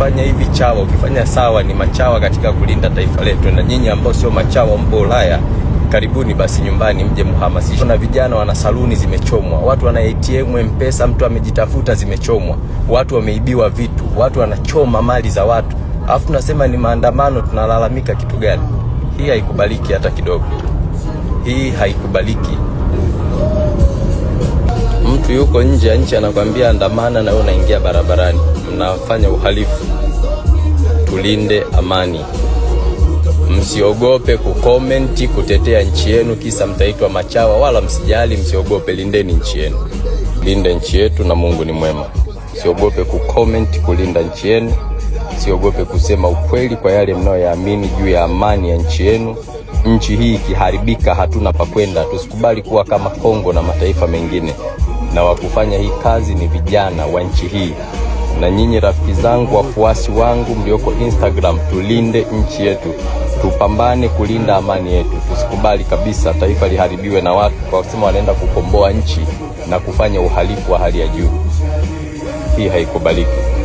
ukifanya hivi chawa, ukifanya sawa, ni machawa katika kulinda taifa letu. Na nyinyi ambao sio machawa, mpo Ulaya, karibuni basi nyumbani, mje mhamasishe. Na vijana wana saluni zimechomwa, watu wana ATM, Mpesa, mtu amejitafuta, zimechomwa, watu wameibiwa vitu, watu wanachoma mali za watu, alafu tunasema ni maandamano, tunalalamika kitu gani? Hii haikubaliki hata kidogo, hii haikubaliki mtu yuko nje ya nchi anakwambia andamana, na wewe unaingia barabarani, mnafanya uhalifu. Tulinde amani, msiogope kukomenti, kutetea nchi yenu, kisa mtaitwa machawa. Wala msijali, msiogope, lindeni nchi yenu, linde nchi yetu, na Mungu ni mwema. Msiogope kukomenti, kulinda nchi yenu. Msiogope kusema ukweli kwa yale mnayoyaamini juu ya amani ya nchi yenu. Nchi hii ikiharibika, hatuna pa kwenda. Tusikubali kuwa kama Kongo na mataifa mengine na wa kufanya hii kazi ni vijana wa nchi hii. Na nyinyi rafiki zangu, wafuasi wangu mlioko Instagram, tulinde nchi yetu, tupambane kulinda amani yetu. Tusikubali kabisa taifa liharibiwe na watu kwa kusema wanaenda kukomboa nchi na kufanya uhalifu wa hali ya juu. Hii haikubaliki.